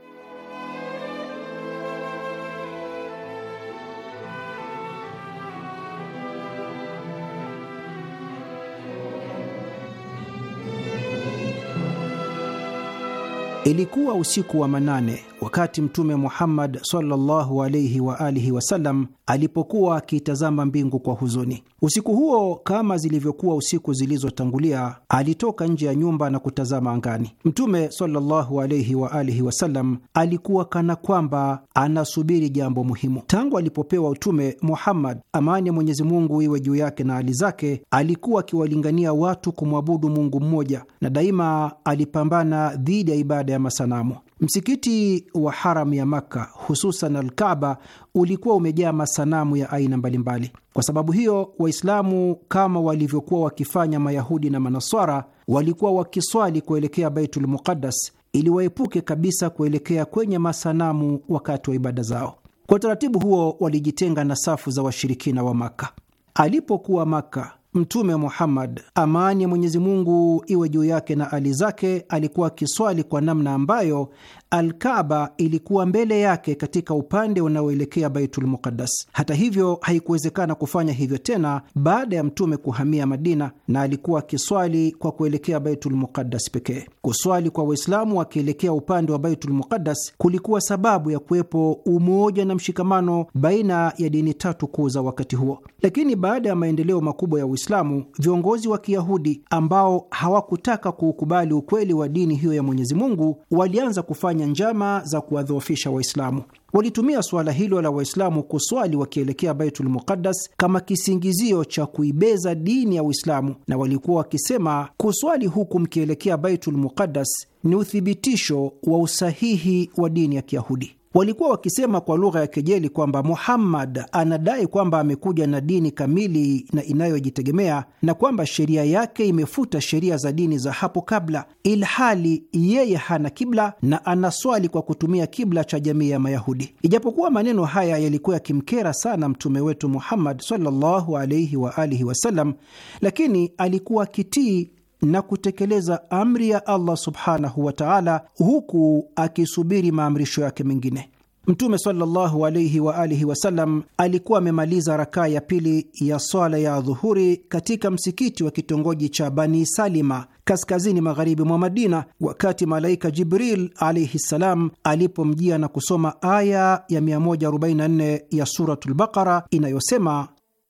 Ilikuwa usiku wa manane wakati Mtume Muhammad sallallahu alaihi wa alihi wasallam alipokuwa akiitazama mbingu kwa huzuni. Usiku huo kama zilivyokuwa usiku zilizotangulia, alitoka nje ya nyumba na kutazama angani. Mtume sallallahu wa alihi wasallam alikuwa kana kwamba anasubiri jambo muhimu. Tangu alipopewa utume, Muhammad, amani ya Mwenyezi Mungu iwe juu yake na hali zake, alikuwa akiwalingania watu kumwabudu Mungu mmoja, na daima alipambana dhidi ya ibada ya masanamu. Msikiti wa haramu ya Makka, hususan Alkaba, ulikuwa umejaa masanamu ya aina mbalimbali. Kwa sababu hiyo, Waislamu kama walivyokuwa wakifanya Mayahudi na Manaswara walikuwa wakiswali kuelekea Baitul Muqaddas ili waepuke kabisa kuelekea kwenye masanamu wakati wa ibada zao. Kwa utaratibu huo walijitenga na safu za washirikina wa Makka. Alipokuwa Makka, Mtume Muhammad, amani ya Mwenyezi Mungu iwe juu yake na ali zake, alikuwa akiswali kwa namna ambayo Alkaba ilikuwa mbele yake katika upande unaoelekea Baitul Muqaddas. Hata hivyo, haikuwezekana kufanya hivyo tena baada ya Mtume kuhamia Madina, na alikuwa akiswali kwa kuelekea Baitul Muqaddas pekee. Kuswali kwa Waislamu wakielekea upande wa Baitul Muqaddas kulikuwa sababu ya kuwepo umoja na mshikamano baina ya dini tatu kuu za wakati huo. Lakini baada ya maendeleo makubwa ya Uislamu, viongozi wa Kiyahudi ambao hawakutaka kuukubali ukweli wa dini hiyo ya Mwenyezi Mungu walianza kufanya kufanya njama za kuwadhoofisha Waislamu. Walitumia suala hilo la Waislamu kuswali wakielekea Baitul Muqaddas kama kisingizio cha kuibeza dini ya Uislamu, na walikuwa wakisema kuswali huku mkielekea Baitul Muqaddas ni uthibitisho wa usahihi wa dini ya Kiyahudi. Walikuwa wakisema kwa lugha ya kejeli kwamba Muhammad anadai kwamba amekuja na dini kamili na inayojitegemea na kwamba sheria yake imefuta sheria za dini za hapo kabla, ilhali yeye hana kibla na anaswali kwa kutumia kibla cha jamii ya Mayahudi. Ijapokuwa maneno haya yalikuwa yakimkera sana mtume wetu Muhammad sallallahu alaihi wa alihi wasallam, lakini alikuwa kitii na kutekeleza amri ya Allah subhanahu wa taala, huku akisubiri maamrisho yake mengine. Mtume sallallahu alaihi wa alihi wasallam alikuwa amemaliza rakaa ya pili ya swala ya dhuhuri katika msikiti wa kitongoji cha Bani Salima kaskazini magharibi mwa Madina wakati malaika Jibril alaihi ssalam alipomjia na kusoma aya ya 144 ya Suratul Baqara inayosema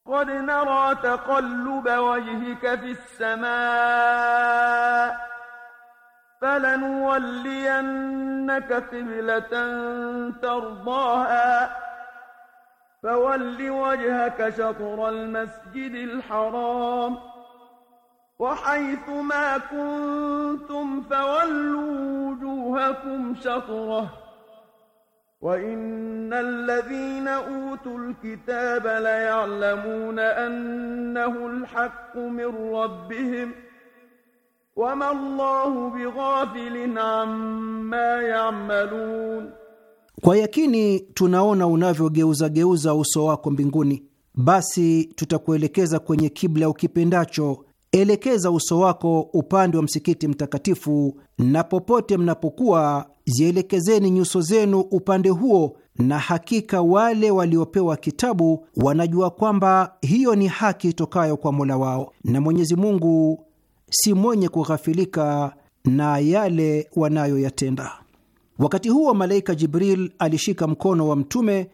قد نرى تقلب وجهك في السماء فلنولينك قبلة ترضاها فول وجهك شطر المسجد الحرام وحيث ما كنتم فولوا وجوهكم شطره وإن الذين أوتوا الكتاب ليعلمون أنه الحق من ربهم وما الله بغافل عما يعملون Kwa yakini tunaona unavyogeuza geuza uso wako mbinguni, basi tutakuelekeza kwenye kibla ukipendacho Elekeza uso wako upande wa msikiti mtakatifu, na popote mnapokuwa zielekezeni nyuso zenu upande huo, na hakika wale waliopewa kitabu wanajua kwamba hiyo ni haki itokayo kwa Mola wao, na Mwenyezi Mungu si mwenye kughafilika na yale wanayoyatenda. Wakati huo malaika Jibril alishika mkono wa Mtume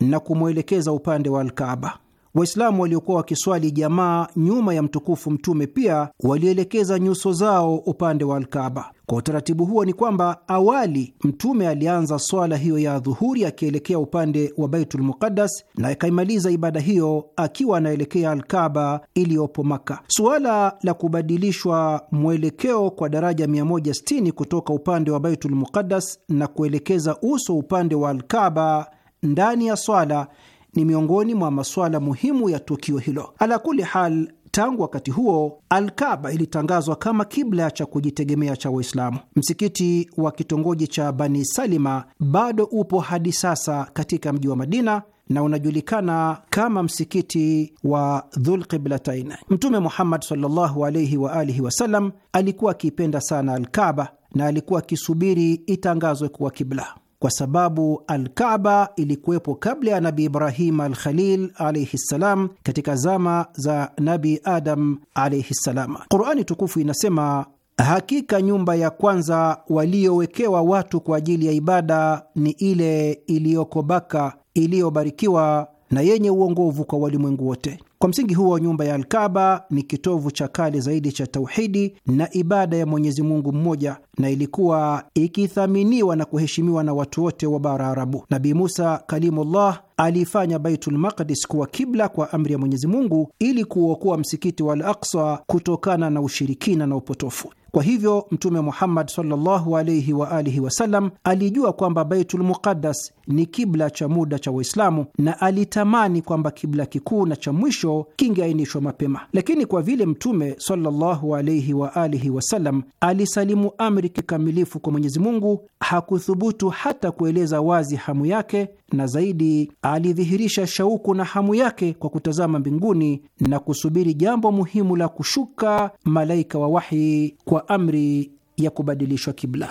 na kumwelekeza upande wa Alkaaba. Waislamu waliokuwa wakiswali jamaa nyuma ya mtukufu Mtume pia walielekeza nyuso zao upande wa Alkaba. Kwa utaratibu huo ni kwamba awali Mtume alianza swala hiyo ya dhuhuri akielekea upande wa Baitul Muqaddas na akaimaliza ibada hiyo akiwa anaelekea Alkaba iliyopo Maka. Suala la kubadilishwa mwelekeo kwa daraja 160 kutoka upande wa Baitul Muqaddas na kuelekeza uso upande wa Alkaba ndani ya swala ni miongoni mwa masuala muhimu ya tukio hilo. Ala kuli hal, tangu wakati huo Alkaba ilitangazwa kama kibla cha kujitegemea cha Waislamu. Msikiti wa kitongoji cha Bani Salima bado upo hadi sasa katika mji wa Madina na unajulikana kama msikiti wa Dhulqiblatain. Mtume Muhammad sallallahu alaihi wa alihi wasallam alikuwa akiipenda sana Alkaba na alikuwa akisubiri itangazwe kuwa kibla kwa sababu Alkaba ilikuwepo kabla ya Nabi Ibrahim al Khalil alaihi ssalam, katika zama za Nabi Adam alaihi ssalam. Qurani tukufu inasema Hakika nyumba ya kwanza waliowekewa watu kwa ajili ya ibada ni ile iliyoko Baka, iliyobarikiwa na yenye uongovu kwa walimwengu wote. Kwa msingi huo, nyumba ya Alkaba ni kitovu cha kale zaidi cha tauhidi na ibada ya Mwenyezi Mungu mmoja, na ilikuwa ikithaminiwa na kuheshimiwa na watu wote wa bara Arabu. Nabii Musa Kalimullah aliifanya Baitul Maqdis kuwa kibla kwa amri ya Mwenyezi Mungu ili kuokoa msikiti wa Al Aksa kutokana na ushirikina na upotofu. Kwa hivyo Mtume Muhammad sallallahu alaihi wa alihi wasallam alijua kwamba Baitul Muqaddas ni kibla cha muda cha Waislamu na alitamani kwamba kibla kikuu na cha mwisho kingeainishwa mapema, lakini kwa vile Mtume sallallahu alaihi wa alihi wasallam alisalimu amri kikamilifu kwa Mwenyezi Mungu, hakuthubutu hata kueleza wazi hamu yake, na zaidi alidhihirisha shauku na hamu yake kwa kutazama mbinguni na kusubiri jambo muhimu la kushuka malaika wa wahi kwa kutoa amri ya kubadilishwa kibla.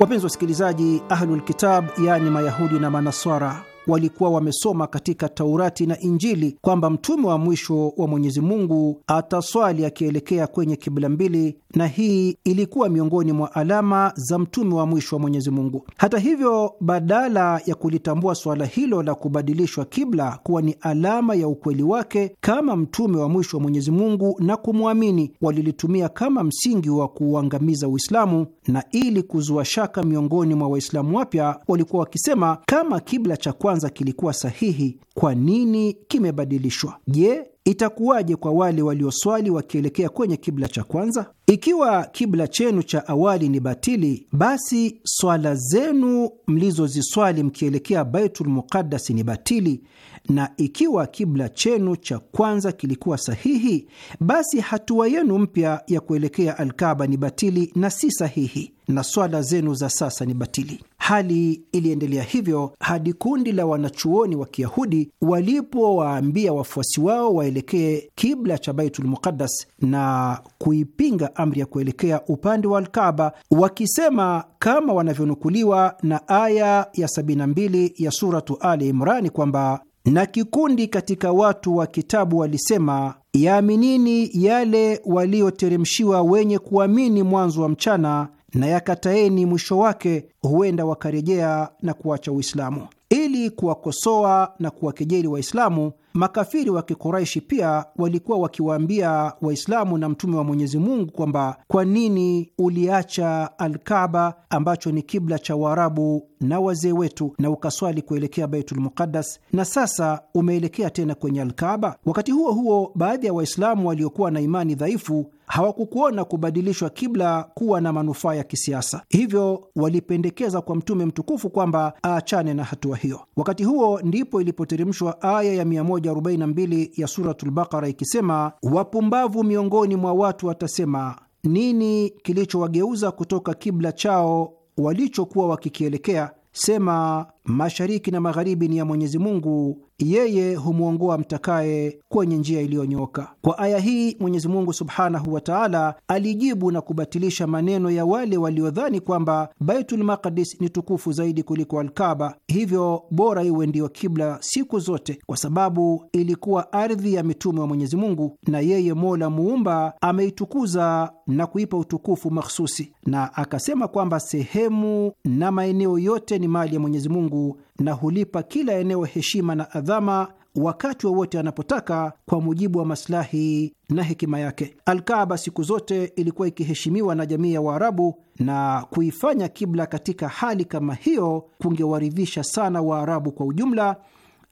Wapenzi wasikilizaji, Ahlulkitab yaani Mayahudi na Manaswara walikuwa wamesoma katika Taurati na Injili kwamba mtume wa mwisho wa Mwenyezi Mungu ataswali akielekea kwenye kibla mbili, na hii ilikuwa miongoni mwa alama za mtume wa mwisho wa Mwenyezi Mungu. Hata hivyo, badala ya kulitambua swala hilo la kubadilishwa kibla kuwa ni alama ya ukweli wake kama mtume wa mwisho wa Mwenyezi Mungu na kumwamini, walilitumia kama msingi wa kuuangamiza Uislamu, na ili kuzua shaka miongoni mwa Waislamu wapya walikuwa wakisema kama kibla cha kwanza kilikuwa sahihi, kwa nini kimebadilishwa? Je, Itakuwaje kwa wale walioswali wakielekea kwenye kibla cha kwanza? Ikiwa kibla chenu cha awali ni batili, basi swala zenu mlizoziswali mkielekea Baitul Muqaddasi ni batili, na ikiwa kibla chenu cha kwanza kilikuwa sahihi, basi hatua yenu mpya ya kuelekea Alkaba ni batili na si sahihi, na swala zenu za sasa ni batili. Hali iliendelea hivyo hadi kundi la wanachuoni wa Kiyahudi walipowaambia wafuasi wao wa waelekee kibla cha Baitul Muqaddas na kuipinga amri ya kuelekea upande wa Alkaba, wakisema kama wanavyonukuliwa na aya ya 72 ya Suratu Ali Imrani kwamba na kikundi katika watu wa kitabu walisema, yaaminini yale walioteremshiwa wenye kuamini mwanzo wa mchana na yakataeni mwisho wake, huenda wakarejea na kuacha Uislamu. Ili kuwakosoa na kuwakejeli Waislamu, Makafiri wa Kikuraishi pia walikuwa wakiwaambia Waislamu na Mtume wa Mwenyezi Mungu kwamba kwa nini uliacha Alkaba ambacho ni kibla cha Waarabu na wazee wetu na ukaswali kuelekea Baitul Muqaddas na sasa umeelekea tena kwenye Alkaba? Wakati huo huo, baadhi ya Waislamu waliokuwa na imani dhaifu hawakukuona kubadilishwa kibla kuwa na manufaa ya kisiasa, hivyo walipendekeza kwa Mtume mtukufu kwamba aachane na hatua hiyo. Wakati huo ndipo ilipoteremshwa aya ya 142 ya Suratul Bakara ikisema, wapumbavu miongoni mwa watu watasema, nini kilichowageuza kutoka kibla chao walichokuwa wakikielekea? Sema, mashariki na magharibi ni ya Mwenyezi Mungu, yeye humwongoa mtakaye kwenye njia iliyonyoka. Kwa aya hii Mwenyezi Mungu subhanahu wa taala alijibu na kubatilisha maneno ya wale waliodhani kwamba Baitul Maqdis ni tukufu zaidi kuliko Alkaba, hivyo bora iwe ndiyo kibla siku zote, kwa sababu ilikuwa ardhi ya mitume wa Mwenyezi Mungu, na yeye Mola Muumba ameitukuza na kuipa utukufu mahsusi, na akasema kwamba sehemu na maeneo yote ni mali ya Mwenyezi Mungu Mungu na hulipa kila eneo heshima na adhama wakati wowote wa anapotaka kwa mujibu wa masilahi na hekima yake. Alkaaba siku zote ilikuwa ikiheshimiwa na jamii ya Waarabu, na kuifanya kibla katika hali kama hiyo kungewaridhisha sana Waarabu kwa ujumla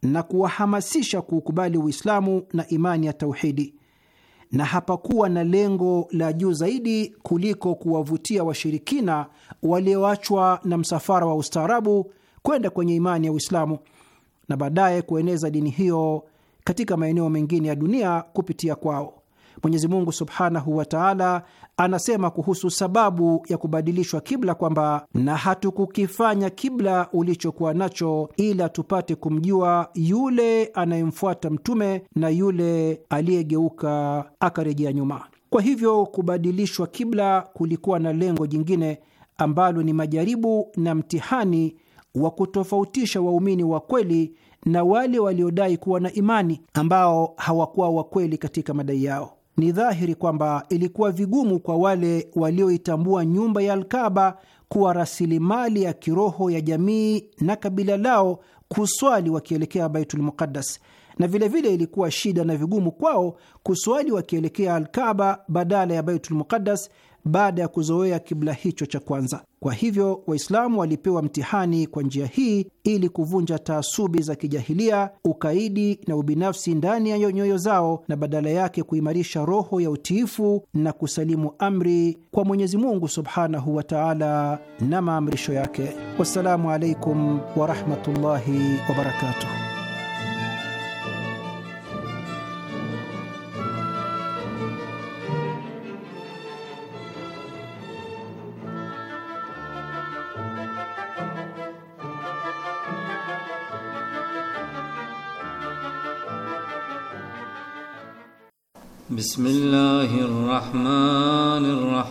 na kuwahamasisha kuukubali Uislamu na imani ya tauhidi, na hapakuwa na lengo la juu zaidi kuliko kuwavutia washirikina walioachwa na msafara wa ustaarabu kwenda kwenye imani ya Uislamu na baadaye kueneza dini hiyo katika maeneo mengine ya dunia kupitia kwao. Mwenyezi Mungu subhanahu wa taala anasema kuhusu sababu ya kubadilishwa kibla kwamba, na hatukukifanya kibla ulichokuwa nacho ila tupate kumjua yule anayemfuata mtume na yule aliyegeuka akarejea nyuma. Kwa hivyo kubadilishwa kibla kulikuwa na lengo jingine ambalo ni majaribu na mtihani wa kutofautisha waumini wa kweli na wale waliodai kuwa na imani ambao hawakuwa wakweli katika madai yao. Ni dhahiri kwamba ilikuwa vigumu kwa wale walioitambua nyumba ya Alkaba kuwa rasilimali ya kiroho ya jamii na kabila lao kuswali wakielekea Baitul Muqaddas, na vilevile vile ilikuwa shida na vigumu kwao kuswali wakielekea Alkaba badala ya Baitul Muqaddas baada ya kuzoea kibla hicho cha kwanza. Kwa hivyo Waislamu walipewa mtihani kwa njia hii ili kuvunja taasubi za kijahilia, ukaidi na ubinafsi ndani ya nyoyo zao, na badala yake kuimarisha roho ya utiifu na kusalimu amri kwa Mwenyezi Mungu subhanahu wa taala na maamrisho yake. Wassalamu alaikum warahmatullahi wabarakatuh. بسم الله الرحمن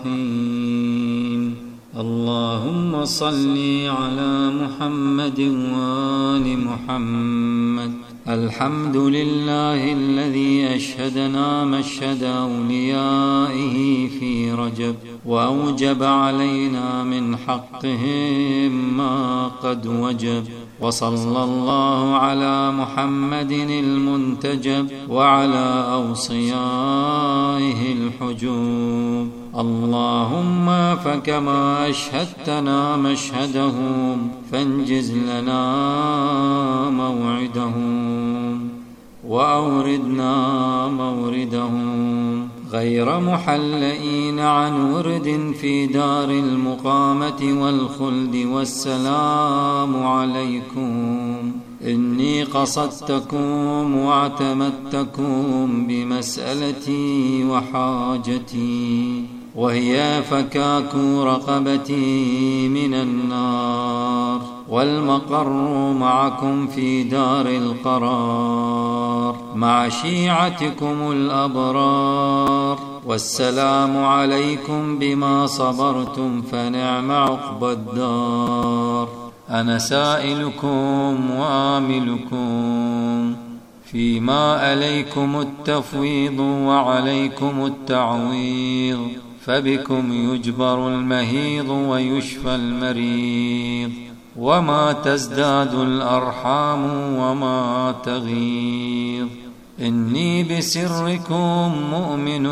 الرحيم اللهم صل على محمد وآل محمد الحمد لله الذي أشهدنا مشهد أوليائه في رجب وأوجب علينا من حقهم ما قد وجب وصلى الله على محمد المنتجب وعلى أوصيائه الحجوب اللهم فكما أشهدتنا مشهدهم فانجز لنا موعدهم وأوردنا موردهم غير محلئين عن ورد في دار المقامة والخلد والسلام عليكم إني قصدتكم واعتمدتكم بمسألتي وحاجتي وهي فكاك رقبتي من النار والمقر معكم في دار القرار مع شيعتكم الأبرار والسلام عليكم بما صبرتم فنعم عقبى الدار أنا سائلكم وآملكم فيما عليكم التفويض وعليكم التعويض فبكم يجبر المهيض ويشفى المريض وما تزداد الأرحام وما تغيظ إني بسركم مؤمن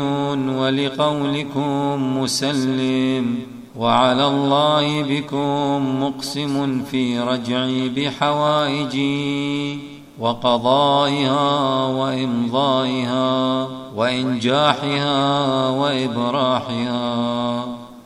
ولقولكم مسلم وعلى الله بكم مقسم في رجعي بحوائجي وقضائها وإمضائها وإنجاحها وإبراحها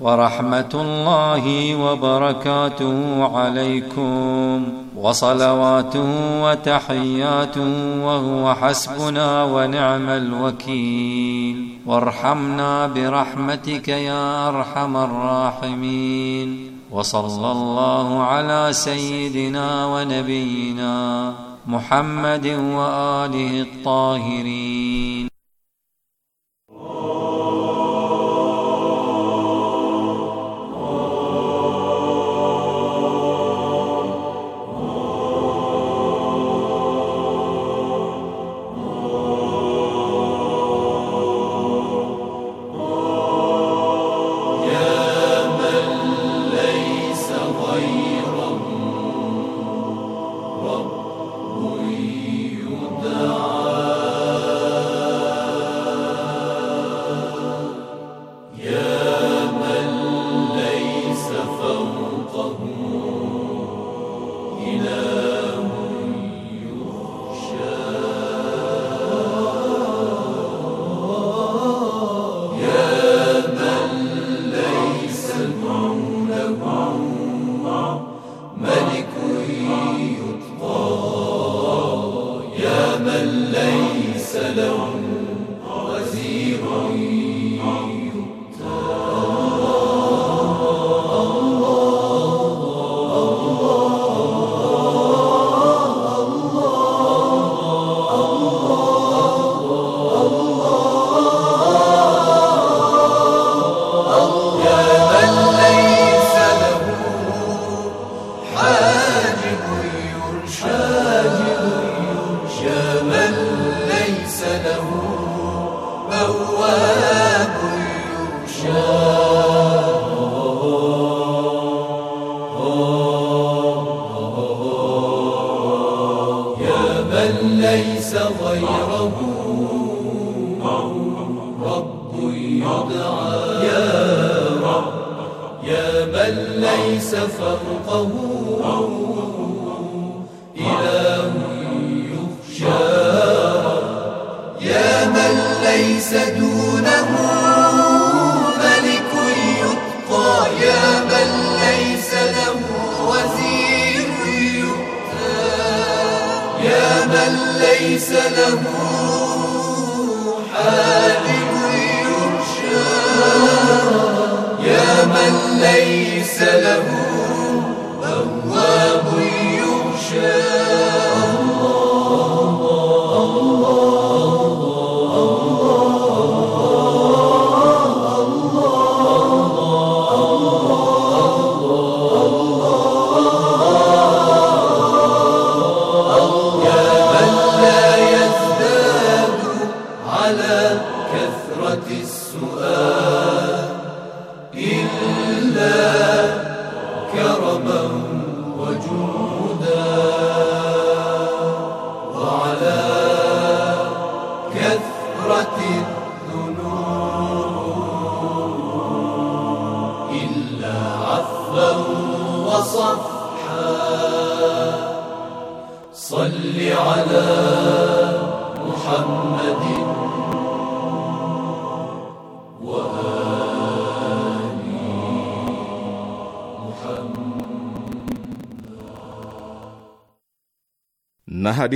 ورحمه الله وبركاته عليكم وصلواته وتحياته وهو حسبنا ونعم الوكيل وارحمنا برحمتك يا ارحم الراحمين وصلى الله على سيدنا ونبينا محمد واله الطاهرين